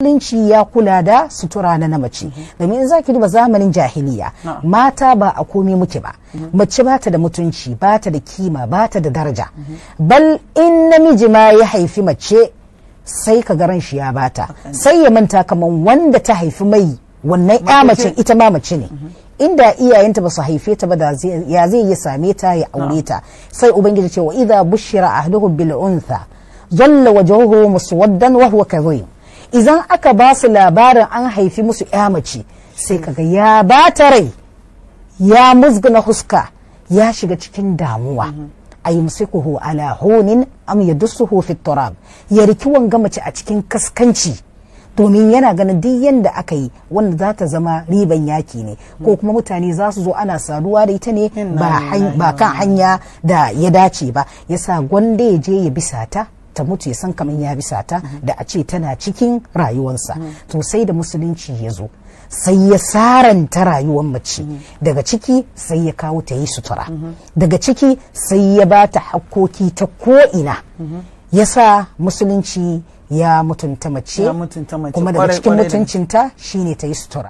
musulunci ya kula da sutura na mace domin in zaki duba zamanin jahiliya mata ba a komai muke ba mace ba ta da mutunci ba ta da kima ba ta da daraja bal in namiji ma ya haifi mace sai ka garan shi ya bata sai ya manta kaman wanda ta haifi mai wannan ya mace ita ma mace ne mhm. inda iyayenta ba su haife ta ba da ya zai ya same ta ya aure ta sai ubangiji ce wa idza bushira ahluhum bil untha zalla wajhuhu muswaddan wa huwa kadhib idan aka ba su labarin an haifi musu ya mace sai kaga ya bata rai ya musguna huska ya shiga cikin damuwa a yi musu kuhu honin am ya dusuhu fi turab ya riki wanga mace a cikin kaskanci domin yana ganin duk yadda aka yi wanda za ta zama riban yaki ne ko hmm. kuma mutane za su zo ana saduwa da ita ne ba kan hanya da ya dace ba yasa gwanda ya je ya bisa ta ta mutu ya san kamar ya bisa ta da a ce tana cikin rayuwarsa to sai da musulunci ya zo sai ya saranta rayuwar mace daga ciki sai ya kawo ta yi sutura daga ciki sai ya ba ta hakkoki ta ko'ina ya sa musulunci ya mutunta mace kuma daga cikin mutuncinta shine ta yi sutura